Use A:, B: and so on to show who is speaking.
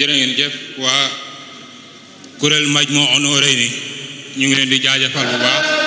A: jërë ngeen jëf waa kuréel Majmahun Nurayni ñu ngi leen di jaajëfal bu baax